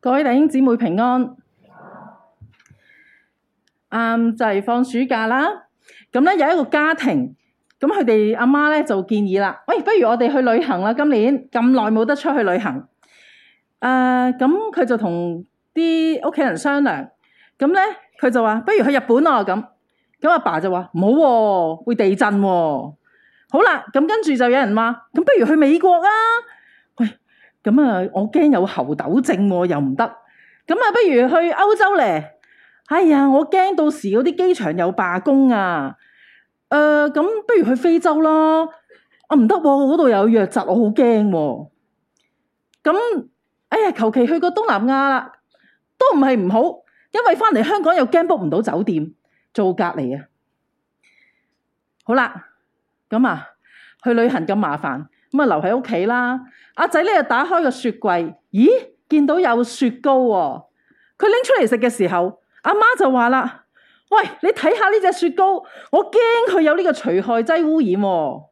各位弟兄姊妹平安，嗯、就係、是、放暑假啦。咁、嗯、咧有一個家庭，咁佢哋阿媽咧就建議啦，喂，不如我哋去旅行啦！今年咁耐冇得出去旅行，誒、呃，咁、嗯、佢就同啲屋企人商量，咁咧佢就話，不如去日本咯、啊、咁。咁阿爸就話唔好喎，會地震喎、啊。好啦，咁、嗯、跟住就有人話，咁、嗯嗯、不如去美國啊！咁啊，我驚有猴痘症，又唔得。咁啊，不如去歐洲咧？哎呀，我驚到時嗰啲機場有罷工啊！誒、呃，咁不如去非洲啦？啊，唔得，嗰度有瘧疾，我好驚。咁、啊，哎呀，求其去個東南亞啦，都唔係唔好，因為翻嚟香港又驚 book 唔到酒店做隔離啊。好啦，咁啊，去旅行咁麻煩。咁啊，留喺屋企啦。阿仔咧就打開個雪櫃，咦，見到有雪糕喎、啊。佢拎出嚟食嘅時候，阿媽就話啦：，喂，你睇下呢隻雪糕，我驚佢有呢個除害劑污染喎、啊。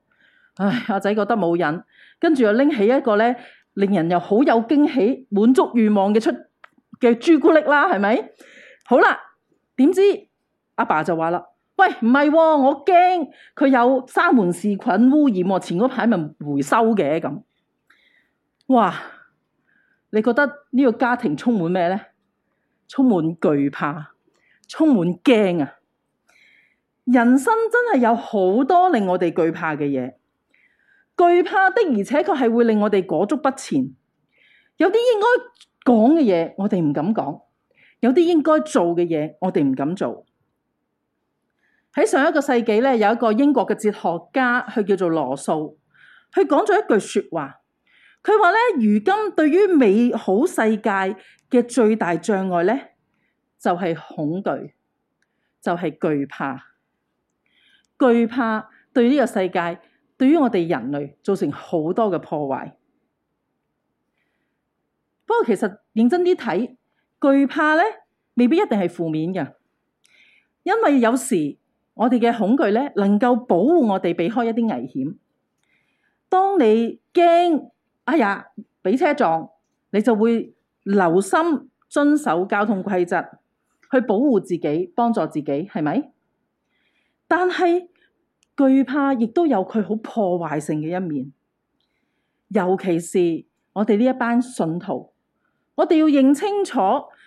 唉，阿仔覺得冇癮，跟住又拎起一個咧，令人又好有驚喜、滿足欲望嘅出嘅朱古力啦，係咪？好啦，點知阿爸就話啦。喂，唔係、啊，我驚佢有沙門氏菌污染。我前嗰排咪回收嘅咁。哇，你覺得呢個家庭充滿咩咧？充滿懼怕，充滿驚啊！人生真係有好多令我哋懼怕嘅嘢，懼怕的，怕的而且確係會令我哋裹足不前。有啲應該講嘅嘢，我哋唔敢講；有啲應該做嘅嘢，我哋唔敢做。喺上一個世紀咧，有一個英國嘅哲學家，佢叫做羅素，佢講咗一句説話。佢話咧，如今對於美好世界嘅最大障礙咧，就係恐懼，就係懼怕，懼怕對呢個世界，對於我哋人類造成好多嘅破壞。不過其實認真啲睇，懼怕咧未必一定係負面嘅，因為有時，我哋嘅恐懼咧，能夠保護我哋避開一啲危險。當你驚哎呀畀車撞，你就會留心遵守交通規則，去保護自己，幫助自己，係咪？但係懼怕亦都有佢好破壞性嘅一面，尤其是我哋呢一班信徒，我哋要認清楚，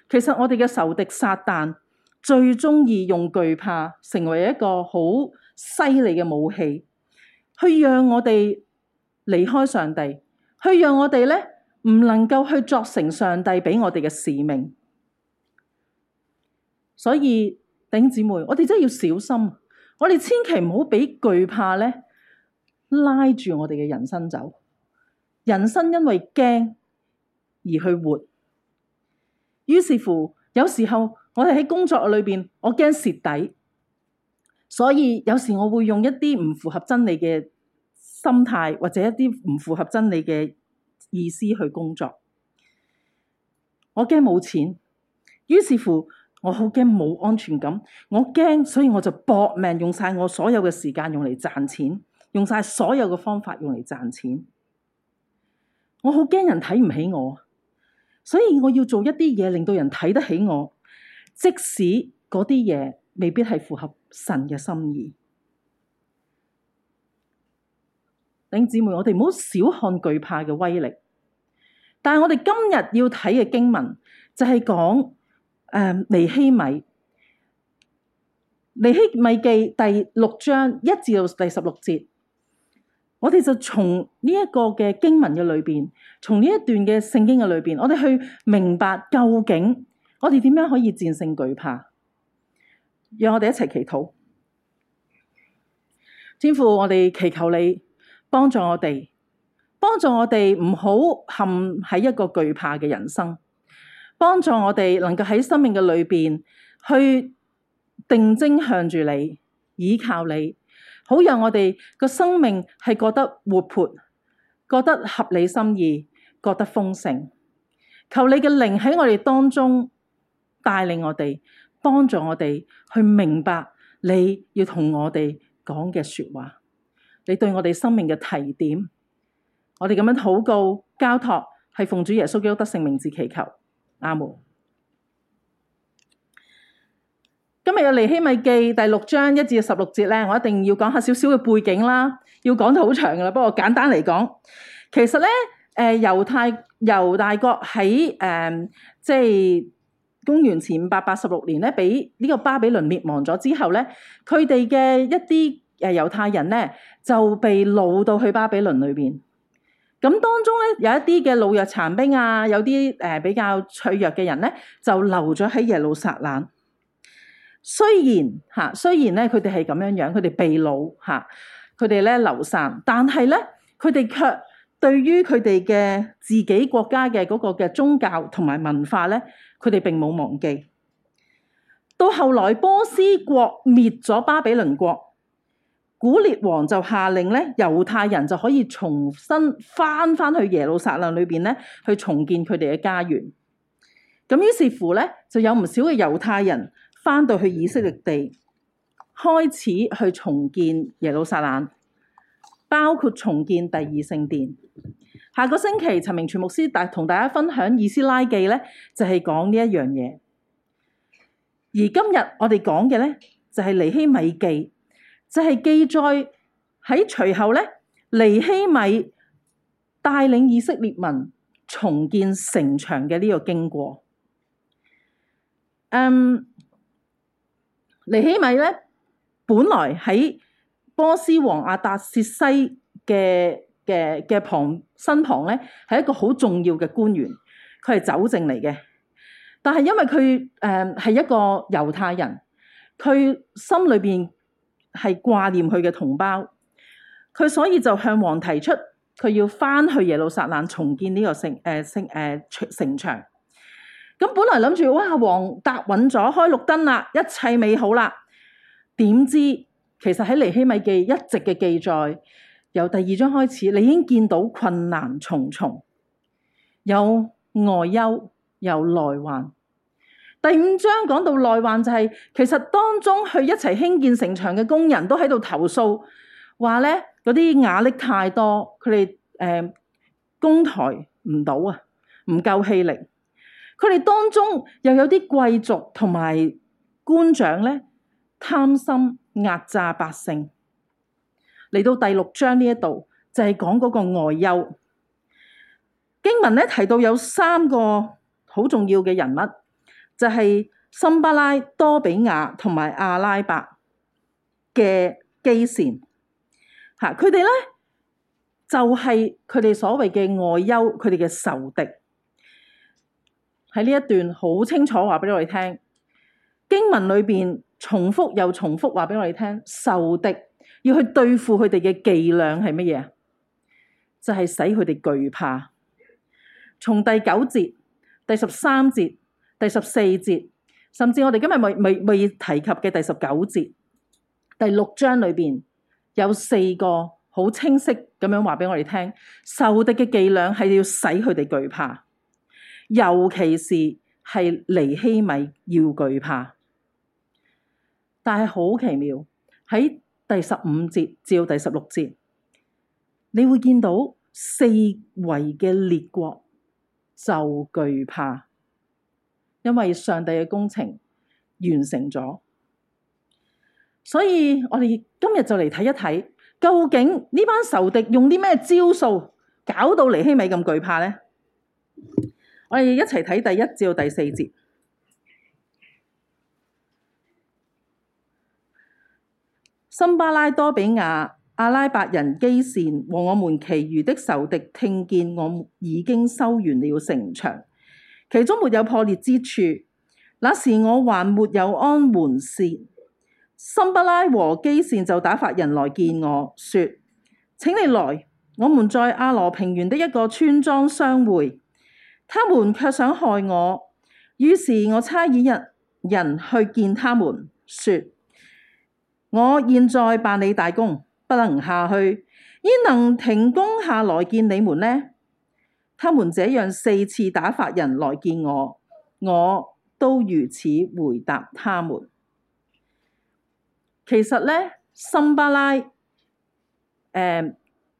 其實我哋嘅仇敵撒但。最鍾意用懼怕成為一個好犀利嘅武器，去讓我哋離開上帝，去讓我哋咧唔能夠去作成上帝俾我哋嘅使命。所以，弟兄姊妹，我哋真係要小心，我哋千祈唔好俾懼怕咧拉住我哋嘅人生走。人生因為驚而去活，於是乎，有時候。我哋喺工作裏邊，我驚蝕底，所以有時我會用一啲唔符合真理嘅心態，或者一啲唔符合真理嘅意思去工作。我驚冇錢，於是乎我好驚冇安全感，我驚，所以我就搏命用晒我所有嘅時間用嚟賺錢，用晒所有嘅方法用嚟賺錢。我好驚人睇唔起我，所以我要做一啲嘢令到人睇得起我。即使嗰啲嘢未必係符合神嘅心意，弟兄姊妹，我哋唔好小看懼怕嘅威力。但係我哋今日要睇嘅經文就係講誒尼希米，尼希米記第六章一至到第十六節，我哋就從呢一個嘅經文嘅裏邊，從呢一段嘅聖經嘅裏邊，我哋去明白究竟。我哋點樣可以戰勝懼怕？讓我哋一齊祈禱。天父，我哋祈求你幫助我哋，幫助我哋唔好陷喺一個懼怕嘅人生。幫助我哋能夠喺生命嘅裏邊去定睛向住你，倚靠你，好讓我哋個生命係覺得活潑，覺得合你心意，覺得豐盛。求你嘅靈喺我哋當中。帶領我哋，幫助我哋去明白你要同我哋講嘅說話，你對我哋生命嘅提點，我哋咁樣禱告交託，係奉主耶穌基督得勝名字祈求。阿門。今日嘅尼希米記第六章一至十六節咧，我一定要講下少少嘅背景啦。要講得好長噶啦，不過簡單嚟講，其實咧，誒，猶太猶大國喺誒、呃，即係。公元前五百八十六年咧，俾呢個巴比倫滅亡咗之後咧，佢哋嘅一啲誒猶太人咧就被擄到去巴比倫裏邊。咁當中咧有一啲嘅老弱殘兵啊，有啲誒比較脆弱嘅人咧就留咗喺耶路撒冷。雖然嚇，雖然咧佢哋係咁樣樣，佢哋被擄嚇，佢哋咧流散，但係咧佢哋卻對於佢哋嘅自己國家嘅嗰個嘅宗教同埋文化咧，佢哋並冇忘記，到後來波斯國滅咗巴比倫國，古列王就下令咧，猶太人就可以重新返返去耶路撒冷裏邊咧，去重建佢哋嘅家園。咁於是乎咧，就有唔少嘅猶太人返到去以色列地，開始去重建耶路撒冷，包括重建第二聖殿。下個星期，陳明全牧師同大家分享《以斯拉記》咧，就係講呢一樣嘢。而今日我哋講嘅咧，就係尼希米記，就係記載喺隨後咧，尼希米帶領以色列民重建城牆嘅呢個經過。嗯，尼希米咧，本來喺波斯王亞達薛西嘅。嘅嘅旁身旁咧，係一個好重要嘅官員，佢係酒政嚟嘅。但係因為佢誒係一個猶太人，佢心裏邊係掛念佢嘅同胞，佢所以就向王提出佢要翻去耶路撒冷重建呢個城誒城誒城牆。咁、呃、本來諗住哇，王答允咗，開綠燈啦，一切美好啦。點知其實喺尼希米記一直嘅記載。由第二章開始，你已經見到困難重重，有外憂有內患。第五章講到內患就係其實當中去一齊興建城牆嘅工人，都喺度投訴，話咧嗰啲瓦礫太多，佢哋誒工台唔到啊，唔夠氣力。佢哋當中又有啲貴族同埋官長咧，貪心壓榨百姓。嚟到第六章呢一度就係、是、講嗰個外憂，經文咧提到有三個好重要嘅人物，就係、是、參巴拉、多比亞同埋阿拉伯嘅基善，吓佢哋咧就係佢哋所謂嘅外憂，佢哋嘅仇敵喺呢一段好清楚話俾我哋聽，經文裏邊重複又重複話俾我哋聽仇敵。要去對付佢哋嘅伎倆係乜嘢？就係、是、使佢哋懼怕。從第九節、第十三節、第十四節，甚至我哋今日未未未提及嘅第十九節，第六章裏邊有四個好清晰咁樣話俾我哋聽，仇敵嘅伎倆係要使佢哋懼怕，尤其是係尼希米要懼怕。但係好奇妙喺。第十五節至到第十六節，你會見到四圍嘅列國就懼怕，因為上帝嘅工程完成咗。所以我哋今日就嚟睇一睇，究竟呢班仇敵用啲咩招數搞到尼希米咁懼怕呢？我哋一齊睇第一至到第四節。森巴拉、多比亞、阿拉伯人基善和我們其餘的仇敵聽見我已經修完了城牆，其中沒有破裂之處。那時我還沒有安門扇，森巴拉和基善就打發人來見我說：請你來，我們在阿羅平原的一個村莊相會。他們卻想害我，於是我差遣人人去見他們，說。我現在辦理大工，不能下去，焉能停工下來見你們呢？他們這樣四次打發人來見我，我都如此回答他們。其實呢，參巴拉、呃，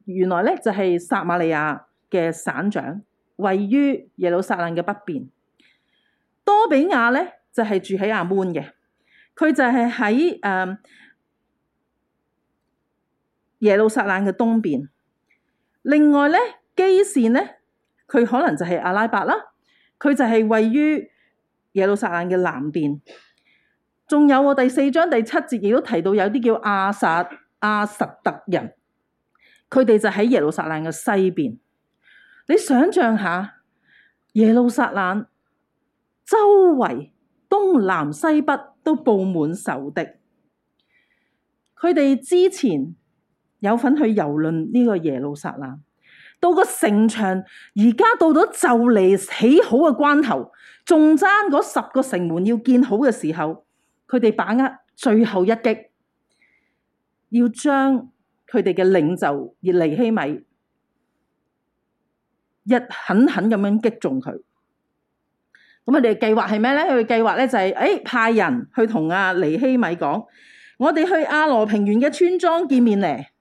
原來呢就係、是、撒瑪利亞嘅省長，位於耶路撒冷嘅北邊。多比亞呢，就係、是、住喺亞門嘅，佢就係喺，呃耶路撒冷嘅東邊，另外咧基善咧，佢可能就係阿拉伯啦，佢就係位於耶路撒冷嘅南邊。仲有我、哦、第四章第七節亦都提到有，有啲叫亞實亞實突人，佢哋就喺耶路撒冷嘅西邊。你想象下，耶路撒冷周圍東南西北都佈滿仇敵，佢哋之前，有份去遊論呢個耶路撒冷，到個城牆，而家到咗就嚟起好嘅關頭，仲爭嗰十個城門要建好嘅時候，佢哋把握最後一擊，要將佢哋嘅領袖尼希米一狠狠咁樣擊中佢。咁佢哋計劃係咩咧？佢嘅計劃咧就係、是、誒、哎、派人去同阿尼希米講，我哋去阿羅平原嘅村莊見面咧。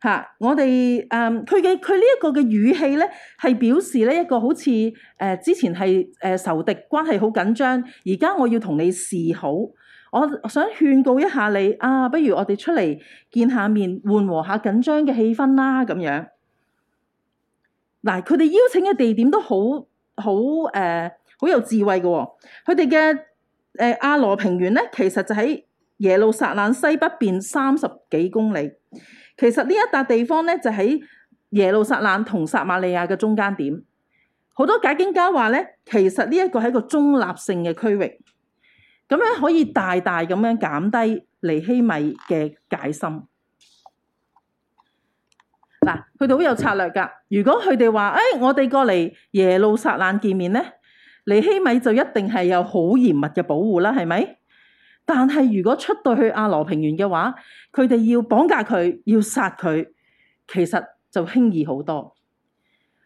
吓，我哋誒，佢嘅佢呢一個嘅語氣咧，係表示咧一個好似誒之前係誒仇敵關係好緊張，而家我要同你示好，我想勸告一下你啊，不如我哋出嚟見面緩下面緩和下緊張嘅氣氛啦，咁樣。嗱，佢哋邀請嘅地點都好好誒，好、呃、有智慧嘅喎、哦。佢哋嘅誒阿羅平原咧，其實就喺耶路撒冷西北邊三十幾公里。其實呢一笪地方咧，就喺、是、耶路撒冷同撒瑪利亞嘅中間點。好多解經家話咧，其實呢一個係個中立性嘅區域，咁樣可以大大咁樣減低尼希米嘅戒心。嗱，佢哋好有策略噶。如果佢哋話：誒、哎，我哋過嚟耶路撒冷見面咧，尼希米就一定係有好嚴密嘅保護啦，係咪？但係如果出到去，去阿羅平原嘅話，佢哋要綁架佢，要殺佢，其實就輕易好多。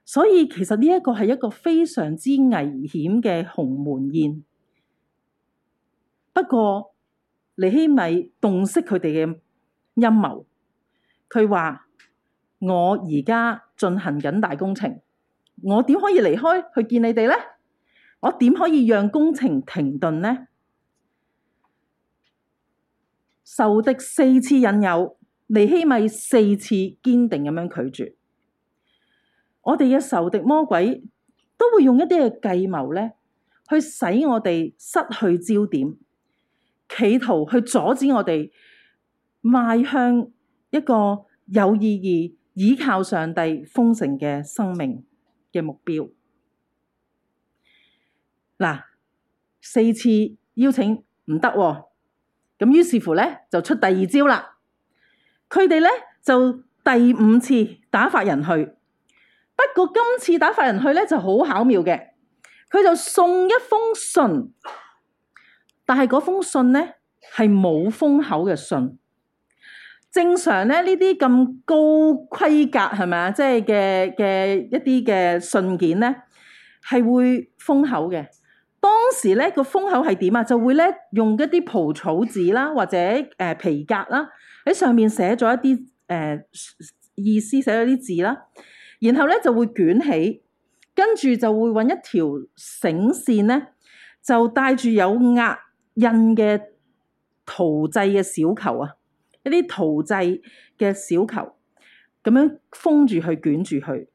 所以其實呢一個係一個非常之危險嘅鴻門宴。不過尼希米洞悉佢哋嘅陰謀，佢話：我而家進行緊大工程，我點可以離開去見你哋咧？我點可以讓工程停頓咧？仇敵四次引誘，尼希米四次堅定咁樣拒絕。我哋嘅仇敵魔鬼都會用一啲嘅計謀咧，去使我哋失去焦點，企圖去阻止我哋邁向一個有意義、依靠上帝豐盛嘅生命嘅目標。嗱，四次邀請唔得喎。咁於是乎咧，就出第二招啦。佢哋咧就第五次打發人去，不過今次打發人去咧就好巧妙嘅，佢就送一封信，但係嗰封信咧係冇封口嘅信。正常咧呢啲咁高規格係咪啊？即係嘅嘅一啲嘅信件咧係會封口嘅。當時咧個封口係點啊？就會咧用一啲蒲草紙啦，或者誒皮革啦，喺上面寫咗一啲誒意思，寫咗啲字啦，然後咧就會捲起，跟住就會搵一條繩線咧，就帶住有壓印嘅陶製嘅小球啊，一啲陶製嘅小球，咁樣封住佢捲住佢，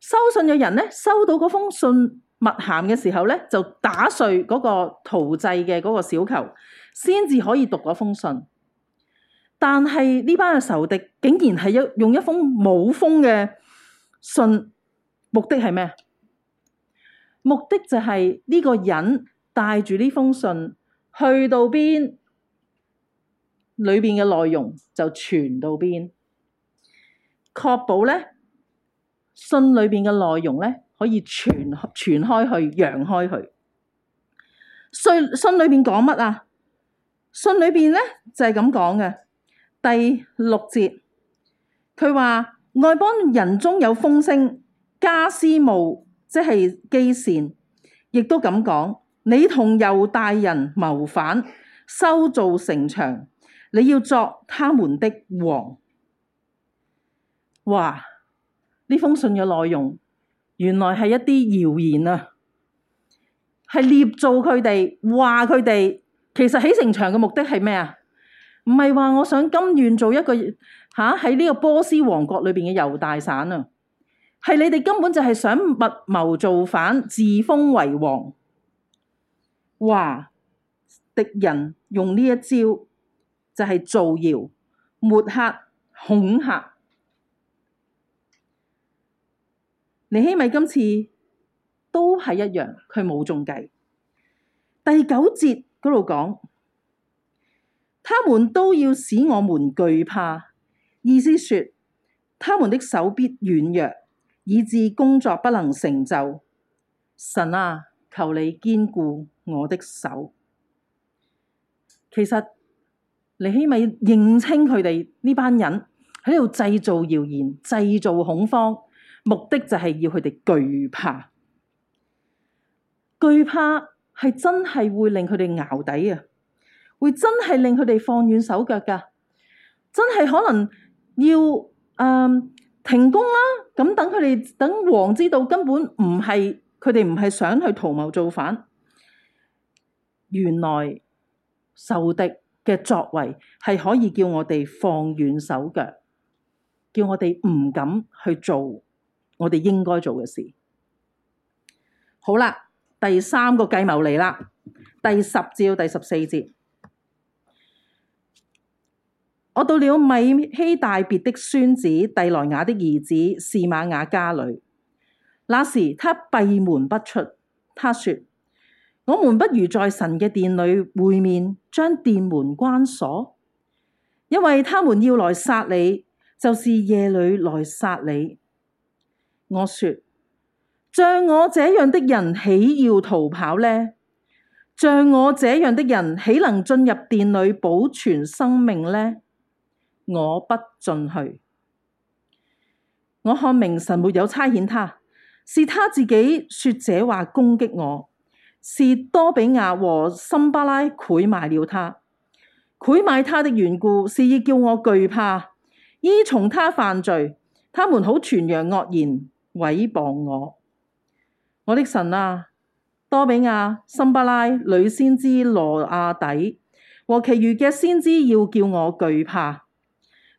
收信嘅人咧收到嗰封信，密函嘅時候咧，就打碎嗰個陶製嘅嗰個小球，先至可以讀嗰封信。但係呢班嘅仇敵竟然係一用一封冇封嘅信，目的係咩？目的就係呢個人帶住呢封信去到邊，裏邊嘅內容就傳到邊，確保咧信裏邊嘅內容咧。可以傳傳開去，揚開去。信信裏邊講乜啊？信裏邊咧就係咁講嘅。第六節，佢話，外邦人中有風聲，迦施慕即係基善，亦都咁講，你同猶大人謀反，修造城牆，你要作他們的王。哇！呢封信嘅內容。原來係一啲謠言啊，係捏造，佢哋話佢哋其實起城牆嘅目的係咩啊？唔係話我想甘願做一個嚇喺呢個波斯王國裏邊嘅猶大省啊，係你哋根本就係想密謀造反，自封為王。哇！敵人用呢一招就係造謠、抹黑、恐嚇。尼希米今次都係一樣，佢冇中計。第九節嗰度講，他們都要使我們懼怕，意思說他們的手必軟弱，以致工作不能成就。神啊，求你堅固我的手。其實尼希米認清佢哋呢班人喺度製造謠言、製造恐慌。目的就係要佢哋懼怕，懼怕係真係會令佢哋淆底啊，會真係令佢哋放軟手腳噶真係可能要誒、呃、停工啦、啊。咁等佢哋等王知道根本唔係佢哋唔係想去圖謀造反，原來仇敵嘅作為係可以叫我哋放軟手腳，叫我哋唔敢去做。我哋應該做嘅事好啦。第三個計謀嚟啦，第十至到第十四節。我到了米希大別的孫子第萊雅的兒子示瑪雅家裏。那時他閉門不出。他說：我們不如在神嘅殿裏會面，將殿門關鎖，因為他們要來殺你，就是夜裏來殺你。我說：像我這樣的人，豈要逃跑呢？像我這樣的人，豈能進入殿裏保全生命呢？我不進去。我看明神沒有差遣他，是他自己說這話攻擊我。是多比亞和森巴拉賄買了他，賄買他的緣故，是要叫我懼怕，依從他犯罪。他們好傳揚惡言。毀謗我，我的神啊！多比亞、森巴拉、女先知羅阿底和其餘嘅先知要叫我懼怕，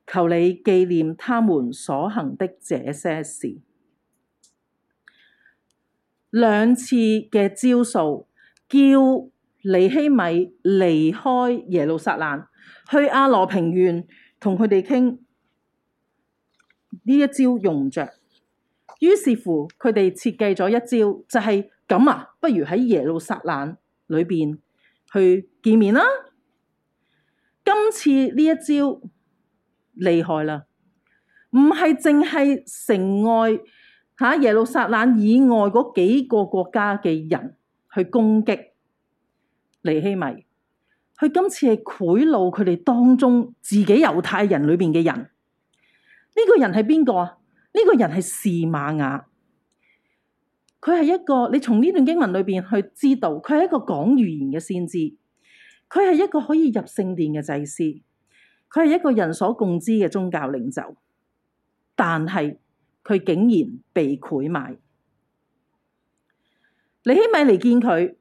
求你紀念他們所行的這些事。兩次嘅招數，叫尼希米離開耶路撒冷，去阿羅平原同佢哋傾，呢一招用唔著。於是乎，佢哋設計咗一招，就係咁啊！不如喺耶路撒冷裏邊去見面啦。今次呢一招厲害啦，唔係淨係城外嚇、啊、耶路撒冷以外嗰幾個國家嘅人去攻擊尼希米，佢今次係賄賂佢哋當中自己猶太人裏邊嘅人。呢、呢個人係邊個啊？呢個人係示瑪雅，佢係一個你從呢段經文裏邊去知道，佢係一個講預言嘅先知，佢係一個可以入聖殿嘅祭司，佢係一個人所共知嘅宗教領袖，但係佢竟然被賄買。尼希米嚟見佢，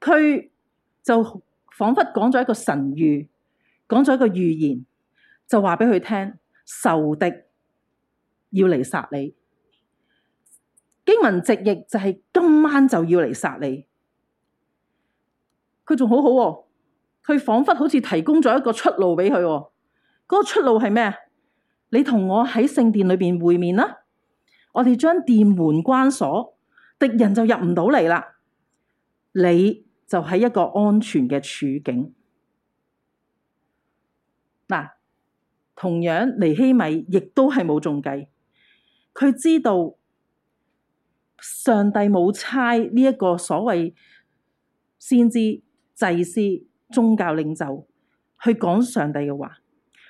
佢就仿佛講咗一個神諭，講咗一個預言，就話畀佢聽，仇敵，要嚟殺你，經文直譯就係今晚就要嚟殺你。佢仲好好、啊、喎，佢仿佛好似提供咗一個出路畀佢喎。嗰、那個出路係咩？你同我喺聖殿裏邊會面啦，我哋將殿門關鎖，敵人就入唔到嚟啦。你就喺一個安全嘅處境。嗱，同樣尼希米亦都係冇中計。佢知道上帝冇差呢一個所謂先知、祭司、宗教領袖去講上帝嘅話，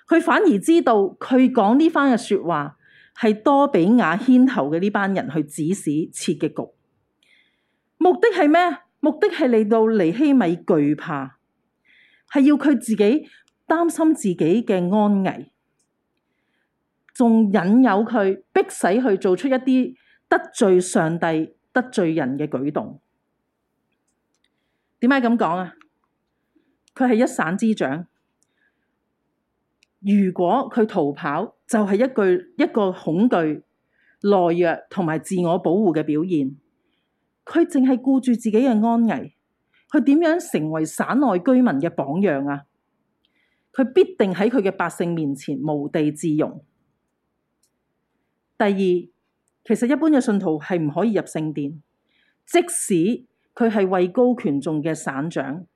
佢反而知道佢講呢番嘅說話係多比雅牽頭嘅呢班人去指使、設計局，目的係咩？目的係令到尼希米懼怕，係要佢自己擔心自己嘅安危。仲引誘佢，逼使佢做出一啲得罪上帝、得罪人嘅舉動。點解咁講啊？佢係一省之長，如果佢逃跑，就係一句一個恐懼、懦弱同埋自我保護嘅表現。佢淨係顧住自己嘅安危，佢點樣成為省內居民嘅榜樣啊？佢必定喺佢嘅百姓面前無地自容。第二，其實一般嘅信徒係唔可以入聖殿，即使佢係位高權重嘅省長，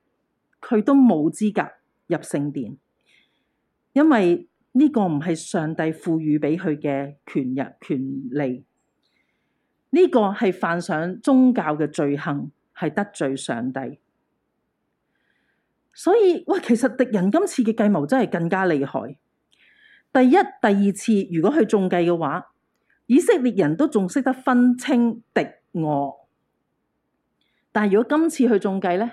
佢都冇資格入聖殿，因為呢個唔係上帝賦予俾佢嘅權力、權利，呢個係犯上宗教嘅罪行，係得罪上帝。所以喂，其實敵人今次嘅計謀真係更加厲害。第一、第二次，如果佢中計嘅話。以色列人都仲識得分清敵我，但如果今次去中計呢，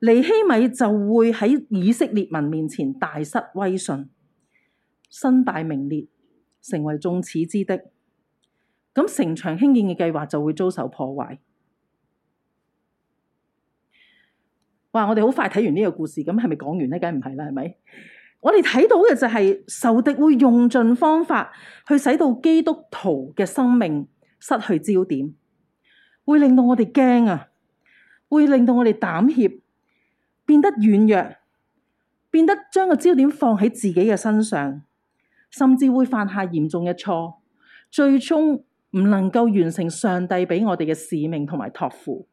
尼希米就會喺以色列民面前大失威信，身敗名裂，成為眾矢之的。咁城牆興建嘅計劃就會遭受破壞。哇！我哋好快睇完呢個故事，咁係咪講完呢？梗唔係啦，係咪？我哋睇到嘅就係仇敵會用盡方法去使到基督徒嘅生命失去焦點，會令到我哋驚啊，會令到我哋膽怯，變得軟弱，變得將個焦點放喺自己嘅身上，甚至會犯下嚴重嘅錯，最終唔能夠完成上帝畀我哋嘅使命同埋託付。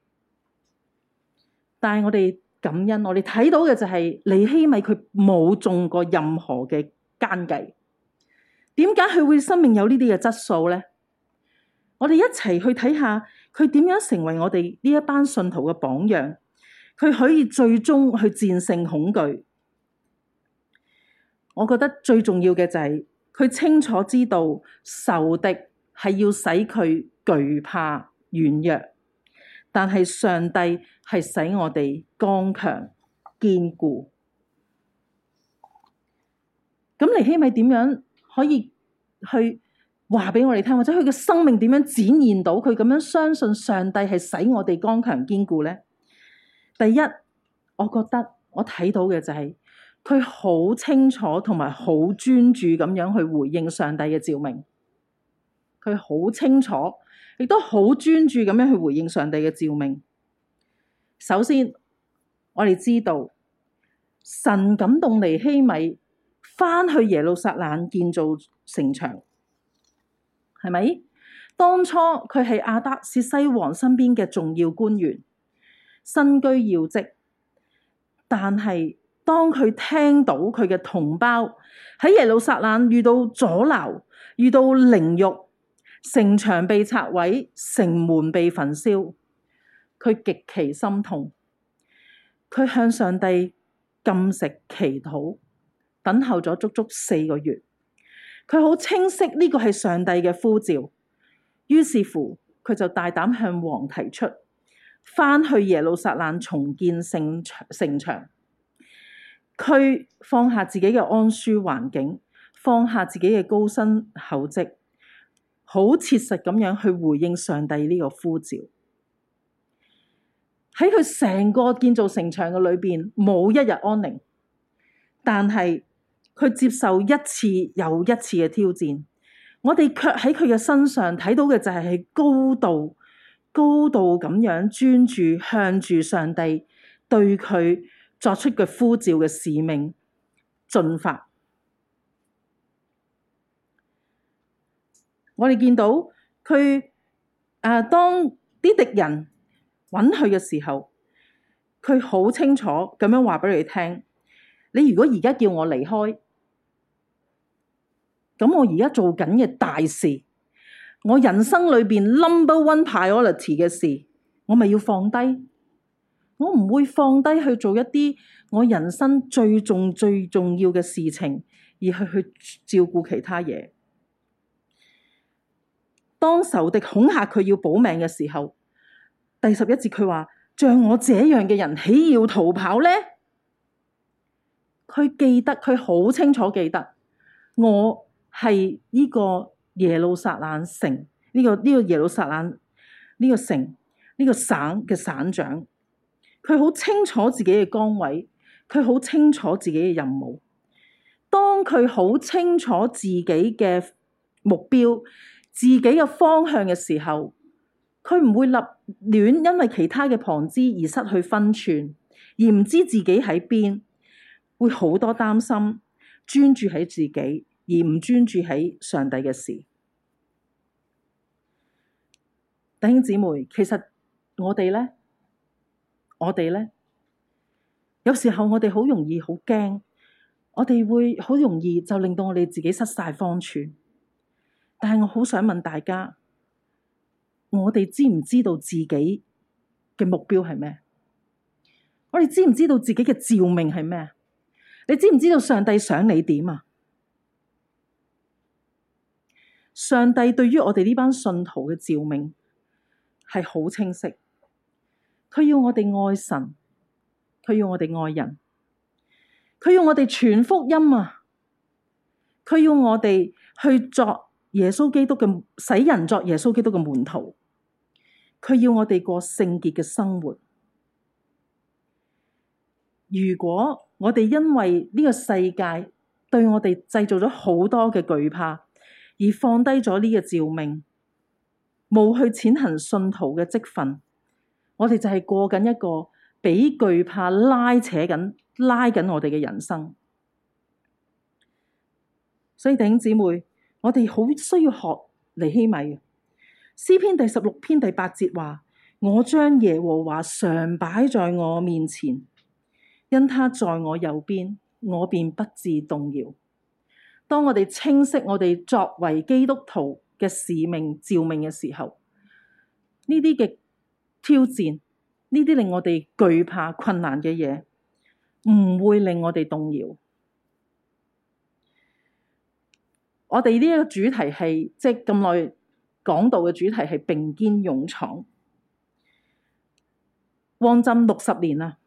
但係我哋。感恩，我哋睇到嘅就係尼希米，佢冇中過任何嘅奸計，點解佢會生命有呢啲嘅質素咧？我哋一齊去睇下佢點樣成為我哋呢一班信徒嘅榜樣，佢可以最終去戰勝恐懼，我覺得最重要嘅就係佢清楚知道仇敵係要使佢懼怕軟弱。但係上帝係使我哋剛強堅固，咁尼希米點樣可以去話畀我哋聽，或者佢嘅生命點樣展現到佢咁樣相信上帝係使我哋剛強堅固咧？第一，我覺得我睇到嘅就係佢好清楚同埋好專注咁樣去回應上帝嘅照明，佢好清楚。亦都好專注咁樣去回應上帝嘅召命。首先，我哋知道神感動尼希米翻去耶路撒冷建造城牆，係咪？當初佢係亞達薛西王身邊嘅重要官員，身居要職。但係當佢聽到佢嘅同胞喺耶路撒冷遇到阻撓、遇到凌辱。城牆被拆毀，城門被焚燒，佢極其心痛。佢向上帝禁食祈禱，等候咗足足四個月。佢好清晰呢個係上帝嘅呼召，於是乎佢就大膽向王提出返去耶路撒冷重建聖城牆。城牆，佢放下自己嘅安舒環境，放下自己嘅高薪厚職。好切實咁樣去回應上帝呢個呼召，喺佢成個建造城牆嘅裏面冇一日安寧，但係佢接受一次又一次嘅挑戰，我哋卻喺佢嘅身上睇到嘅就係高度高度咁樣專注向住上帝對佢作出嘅呼召嘅使命進發。我哋見到佢，啊，當啲敵人揾佢嘅時候，佢好清楚咁樣話俾你聽：你如果而家叫我離開，咁我而家做緊嘅大事，我人生裏邊 number one priority 嘅事，我咪要放低？我唔會放低去做一啲我人生最重最重要嘅事情，而去照顧其他嘢。當仇敵恐嚇佢要保命嘅時候，第十一節佢話：像我這樣嘅人，豈要逃跑呢？佢記得，佢好清楚記得，我係呢個耶路撒冷城，呢個呢個耶路撒冷呢個城，呢個省嘅省長。佢好清楚自己嘅崗位，佢好清楚自己嘅任務。當佢好清楚自己嘅目標，自己嘅方向嘅時候，佢唔會立亂，因為其他嘅旁支而失去分寸，而唔知自己喺邊，會好多擔心，專注喺自己而唔專注喺上帝嘅事。弟兄姊妹，其實我哋咧，我哋咧，有時候我哋好容易好驚，我哋會好容易就令到我哋自己失晒方寸。但係我好想問大家，我哋知唔知道自己嘅目標係咩？我哋知唔知道自己嘅召命係咩？你知唔知道上帝想你點啊？上帝對於我哋呢班信徒嘅召命係好清晰，佢要我哋愛神，佢要我哋愛人，佢要我哋傳福音啊！佢要我哋去作。耶穌基督嘅使人作耶穌基督嘅門徒，佢要我哋過聖潔嘅生活。如果我哋因為呢個世界對我哋製造咗好多嘅懼怕，而放低咗呢個召命，冇去踐行信徒嘅職份，我哋就係過緊一個俾懼怕拉扯緊、拉緊我哋嘅人生。所以弟兄姊妹，我哋好需要學尼希米。詩篇第十六篇第八節話：我將耶和華常擺在我面前，因他在我右邊，我便不自動搖。當我哋清晰我哋作為基督徒嘅使命、召命嘅時候，呢啲嘅挑戰，呢啲令我哋懼怕困難嘅嘢，唔會令我哋動搖。我哋呢一個主題係，即係咁耐講到嘅主題係並肩勇闖，旺浸六十年啦。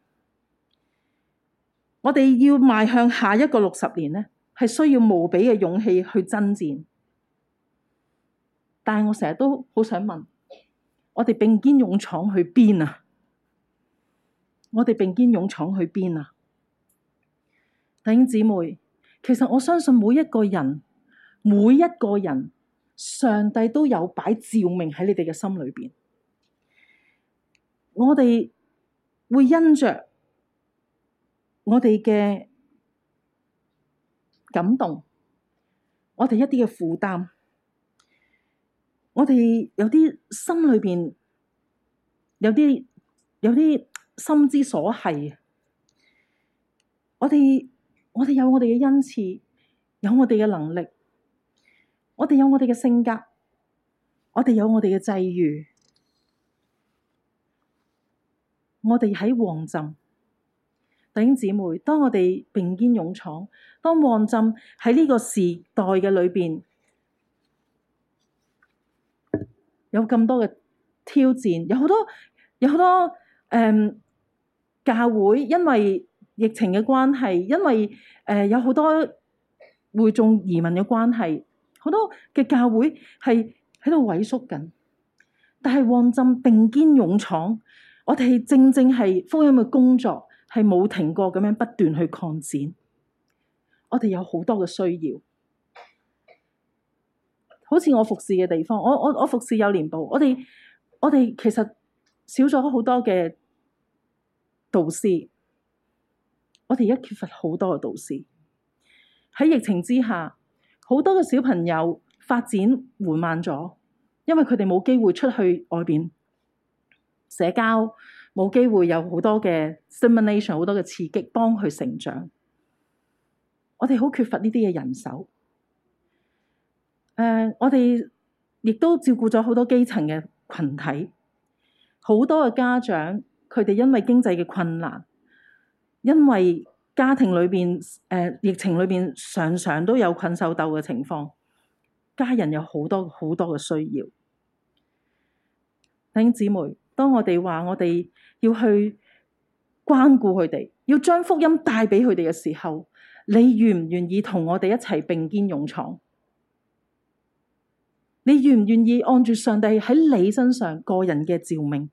我哋要邁向下一個六十年咧，係需要無比嘅勇氣去爭戰。但係我成日都好想問，我哋並肩勇闖去邊啊？我哋並肩勇闖去邊啊？弟兄姊妹，其實我相信每一個人。每一個人，上帝都有擺照明喺你哋嘅心裏邊。我哋會因着我哋嘅感動，我哋一啲嘅負擔，我哋有啲心裏邊有啲有啲心之所繫。我哋我哋有我哋嘅恩賜，有我哋嘅能力。我哋有我哋嘅性格，我哋有我哋嘅際遇，我哋喺旺浸弟兄姊妹。當我哋並肩勇闖，當旺浸喺呢個時代嘅裏邊有咁多嘅挑戰，有好多有好多誒、嗯、教會，因為疫情嘅關係，因為誒、呃、有好多會眾移民嘅關係。好多嘅教會係喺度萎縮緊，但係旺浸並肩勇闖，我哋正正係福音嘅工作係冇停過咁樣不斷去擴展。我哋有好多嘅需要，好似我服侍嘅地方，我我我服侍有年報，我哋我哋其實少咗好多嘅導師，我哋而家缺乏好多嘅導師喺疫情之下。好多嘅小朋友發展緩慢咗，因為佢哋冇機會出去外邊社交，冇機會有好多嘅 stimulation，好多嘅刺激幫佢成長。我哋好缺乏呢啲嘅人手。誒、呃，我哋亦都照顧咗好多基層嘅群體，好多嘅家長佢哋因為經濟嘅困難，因為家庭裏邊，誒、呃，疫情裏邊，常常都有困獸鬥嘅情況。家人有好多好多嘅需要，弟兄姊妹，當我哋話我哋要去關顧佢哋，要將福音帶畀佢哋嘅時候，你願唔願意同我哋一齊並肩勇闖？你願唔願意按住上帝喺你身上個人嘅召命，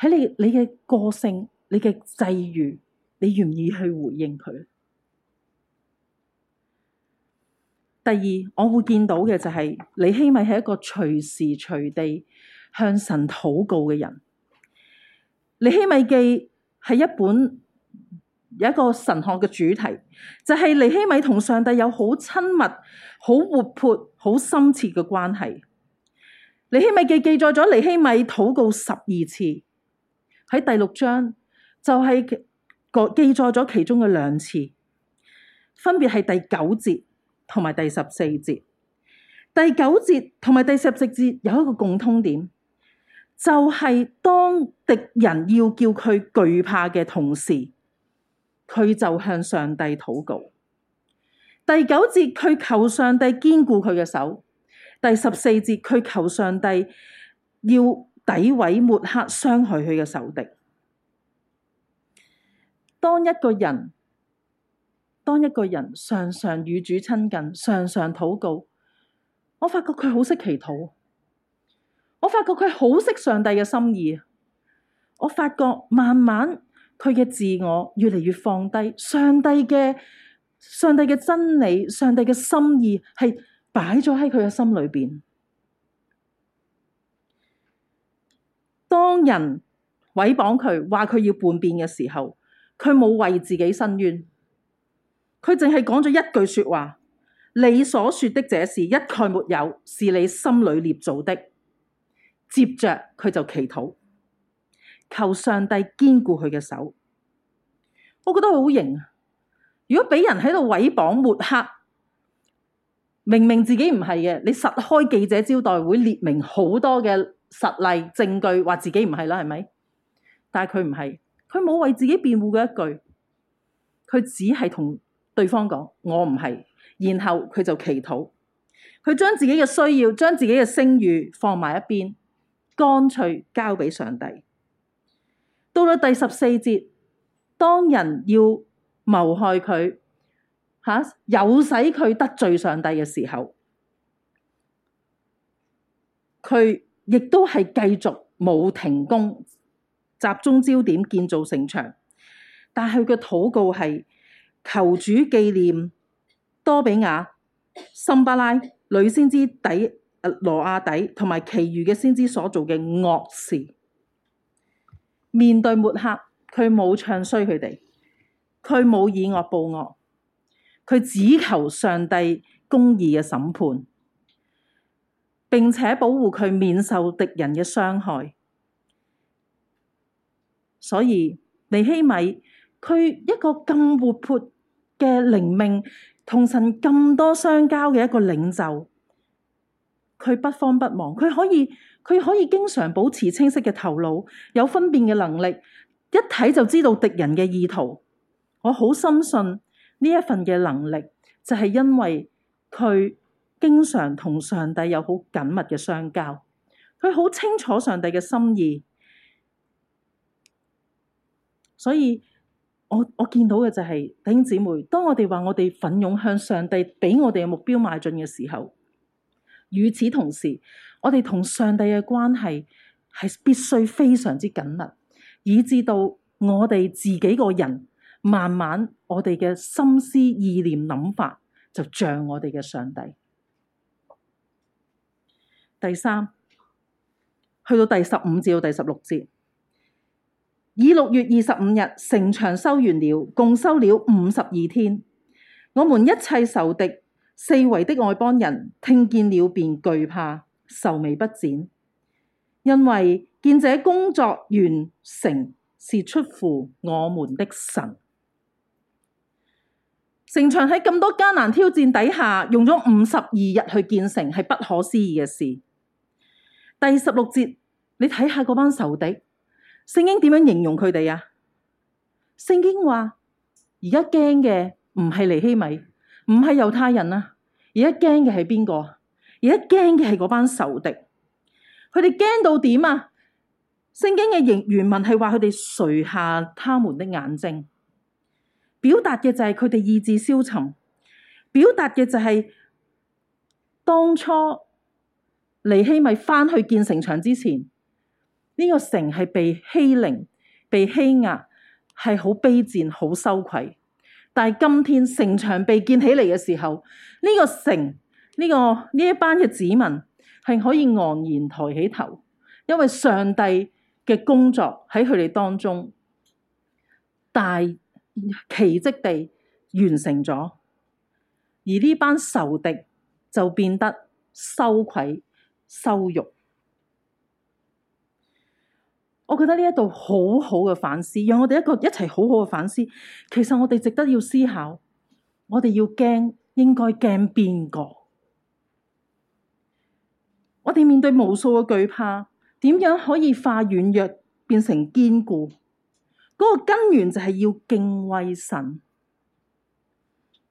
喺你你嘅個性、你嘅際遇？你願意去回應佢。第二，我會見到嘅就係，尼希米係一個隨時隨地向神禱告嘅人。尼希米記係一本有一個神學嘅主題，就係，尼希米同上帝有好親密、好活潑、好深切嘅關係。尼希米記記載咗尼希米禱告十二次，喺第六章就係。記載咗其中嘅兩次，分別係第九節，同埋第十四節。第九節同埋第十四節有一個共通點，就係、是、當敵人要叫佢懼怕嘅同時，佢就向上帝禱告。第九節佢求上帝堅固佢嘅手，第十四節佢求上帝要詆毀抹黑傷害佢嘅仇敵。當一個人，當一個人常常與主親近，常常禱告，我發覺佢好識祈禱，我發覺佢好識上帝嘅心意。我發覺慢慢佢嘅自我越嚟越放低，上帝嘅上帝嘅真理，上帝嘅心意係擺咗喺佢嘅心裏邊。當人毀謗佢，話佢要叛變嘅時候，佢冇為自己申冤，佢淨係講咗一句說話：你所說的這事一概沒有，是你心裏捏造的。接着佢就祈禱，求上帝堅固佢嘅手。我覺得好型。如果畀人喺度毀謗抹黑，明明自己唔係嘅，你實開記者招待會，列明好多嘅實例證據，話自己唔係啦，係咪？但係佢唔係。佢冇為自己辯護嘅一句，佢只係同對，對方講我唔係，然後佢就祈禱，佢將自己嘅需要、將自己嘅聲譽放埋一邊，乾脆交俾上帝。到咗第十四節，當人要謀害佢吓，誘使佢得罪上帝嘅時候，佢亦都係繼續冇停工。集中焦點建造城牆，但佢嘅禱告係求主紀念多比雅、森巴拉、女先知底、呃、羅阿底同埋其餘嘅先知所做嘅惡事。面對抹黑，佢冇唱衰佢哋，佢冇以惡報惡，佢只求上帝公義嘅審判，並且保護佢免受敵人嘅傷害。所以尼希米，佢一個咁活潑嘅靈命，同神咁多相交嘅一個領袖，佢不慌不忙，佢可以佢可以經常保持清晰嘅頭腦，有分辨嘅能力，一睇就知道敵人嘅意圖。我好深信呢一份嘅能力，就係因為佢經常同上帝有好緊密嘅相交，佢好清楚上帝嘅心意。所以，我我見到嘅就係、是、弟兄姊妹，當我哋話我哋奮勇向上帝畀我哋嘅目標邁進嘅時候，與此同時，我哋同上帝嘅關係係必須非常之緊密，以至到我哋自己個人慢慢，我哋嘅心思意念諗法就像我哋嘅上帝。第三，去到第十五節到第十六節。以祿月二十五日城牆修完了，共修了五十二天。我們一切仇敵、四圍的外邦人聽見了便懼怕、愁眉不展，因為見這工作完成是出乎我們的神。城牆喺咁多艱難挑戰底下用咗五十二日去建成，係不可思議嘅事。第十六節，你睇下嗰班仇敵。聖經點樣形容佢哋啊？聖經話而家驚嘅唔係尼希米，唔係猶太人啊。而家驚嘅係邊個？而家驚嘅係嗰班仇敵，佢哋驚到點啊？聖經嘅原文係話佢哋垂下他們的眼睛，表達嘅就係佢哋意志消沉，表達嘅就係當初尼希米翻去建城牆之前。呢個城係被欺凌、被欺壓，係好卑賤、好羞愧。但係今天城牆被建起嚟嘅時候，呢、這個城、呢、這個呢一班嘅子民係可以昂然抬起頭，因為上帝嘅工作喺佢哋當中大奇蹟地完成咗，而呢班仇敵就變得羞愧羞辱。我覺得呢一度好好嘅反思，讓我哋一個一齊好好嘅反思。其實我哋值得要思考，我哋要驚，應該驚邊個？我哋面對無數嘅懼怕，點樣可以化軟弱變成堅固？嗰個根源就係要敬畏神，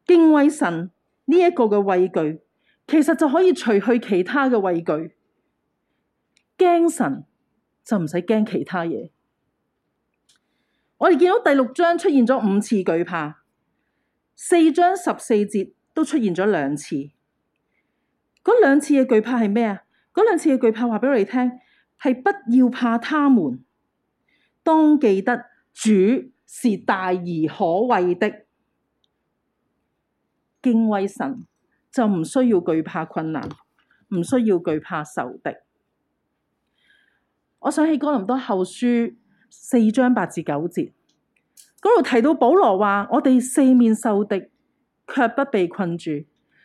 敬畏神呢一個嘅畏懼，其實就可以除去其他嘅畏懼，驚神。就唔使驚其他嘢。我哋見到第六章出現咗五次懼怕，四章十四節都出現咗兩次，兩次。嗰兩次嘅懼怕係咩啊？嗰兩次嘅懼怕話畀我哋聽，係不要怕他們，當記得主是大而可畏的，敬畏神就唔需要懼怕困難，唔需要懼怕仇敵。我想起哥林多後書四章八至九節，嗰度提到保羅話：我哋四面受敵，卻不被困住；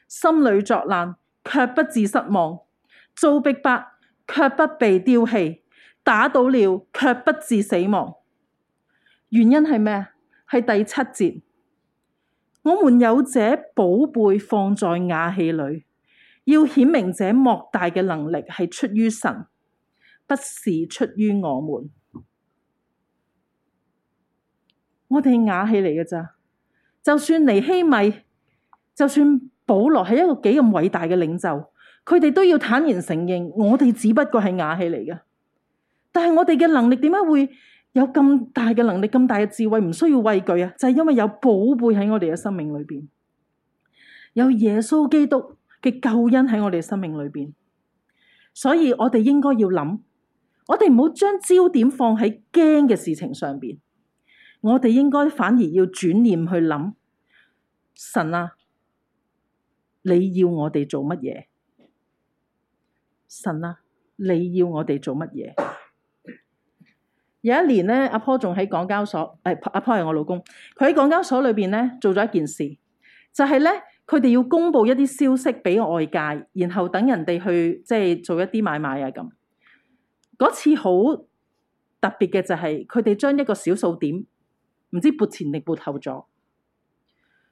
心裏作難，卻不致失望；遭逼迫，卻不被丟棄；打倒了，卻不致死亡。原因係咩？係第七節，我們有這寶貝放在瓦器裏，要顯明這莫大嘅能力係出於神。不是出於我們，我哋係瓦器嚟嘅咋。就算尼希米，就算保羅係一個幾咁偉大嘅領袖，佢哋都要坦然承認，我哋只不過係瓦器嚟嘅。但係我哋嘅能力點解會有咁大嘅能力、咁大嘅智慧？唔需要畏懼啊！就係、是、因為有寶貝喺我哋嘅生命裏邊，有耶穌基督嘅救恩喺我哋嘅生命裏邊，所以我哋應該要諗。我哋唔好將焦點放喺驚嘅事情上邊，我哋應該反而要轉念去諗，神啊，你要我哋做乜嘢？神啊，你要我哋做乜嘢？ 有一年咧，阿婆仲喺港交所，誒、哎，阿婆係我老公，佢喺港交所裏邊咧做咗一件事，就係咧佢哋要公布一啲消息俾外界，然後等人哋去即係做一啲買賣啊咁。嗰次好特別嘅就係佢哋將一個小數點唔知撥前定撥後咗，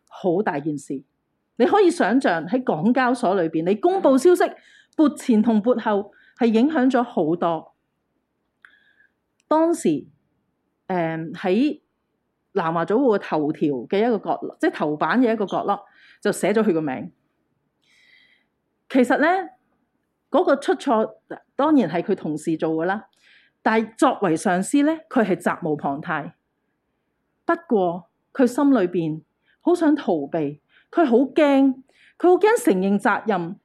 好大件事。你可以想像喺港交所裏邊，你公布消息撥前同撥後係影響咗好多。當時誒喺、嗯、南華早報嘅頭條嘅一個角，即係頭版嘅一個角落，就寫咗佢個名。其實咧。嗰個出錯當然係佢同事做嘅啦，但係作為上司咧，佢係責無旁貸。不過佢心裏邊好想逃避，佢好驚，佢好驚承認責任。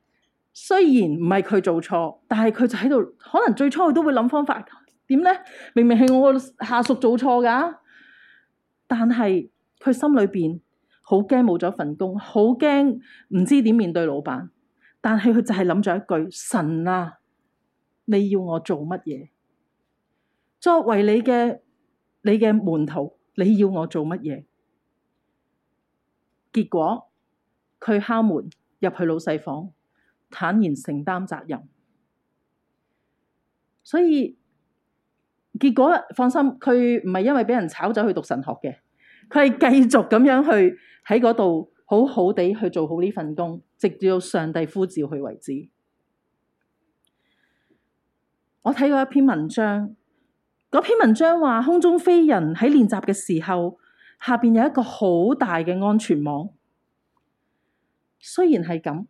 雖然唔係佢做錯，但係佢就喺度，可能最初佢都會諗方法點咧？明明係我個下屬做錯㗎，但係佢心裏邊好驚冇咗份工，好驚唔知點面對老闆。但係佢就係諗咗一句：神啊，你要我做乜嘢？作為你嘅你嘅門徒，你要我做乜嘢？結果佢敲門入去老細房，坦然承擔責任。所以結果放心，佢唔係因為畀人炒走去讀神學嘅，佢係繼續咁樣去喺嗰度。好好地去做好呢份工，直到上帝呼召佢為止。我睇過一篇文章，篇文章話空中飛人喺練習嘅時候，下邊有一個好大嘅安全網。雖然係咁，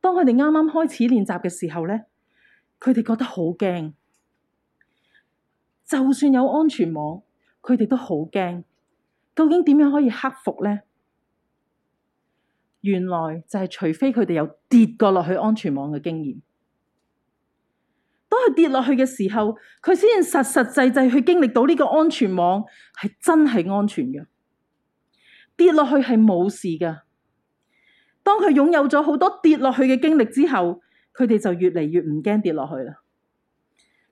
當佢哋啱啱開始練習嘅時候咧，佢哋覺得好驚。就算有安全網，佢哋都好驚。究竟點樣可以克服咧？原來就係除非佢哋有跌過落去安全網嘅經驗，當佢跌落去嘅時候，佢先實實際際去經歷到呢個安全網係真係安全嘅，跌落去係冇事噶。當佢擁有咗好多跌落去嘅經歷之後，佢哋就越嚟越唔驚跌落去啦。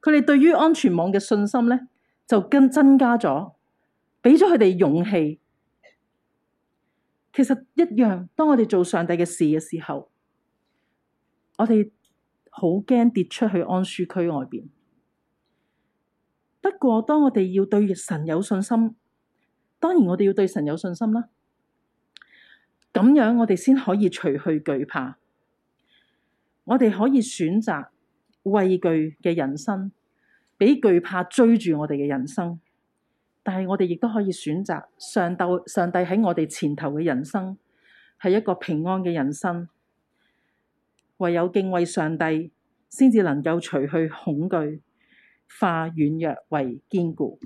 佢哋對於安全網嘅信心咧，就更增加咗，畀咗佢哋勇氣。其實一樣，當我哋做上帝嘅事嘅時候，我哋好驚跌出去安舒區外邊。不過，當我哋要對神有信心，當然我哋要對神有信心啦。咁樣我哋先可以除去懼怕，我哋可以選擇畏懼嘅人生，畀懼怕追住我哋嘅人生。但係我哋亦都可以選擇上到上帝喺我哋前頭嘅人生，係一個平安嘅人生，唯有敬畏上帝先至能夠除去恐懼，化軟弱為堅固。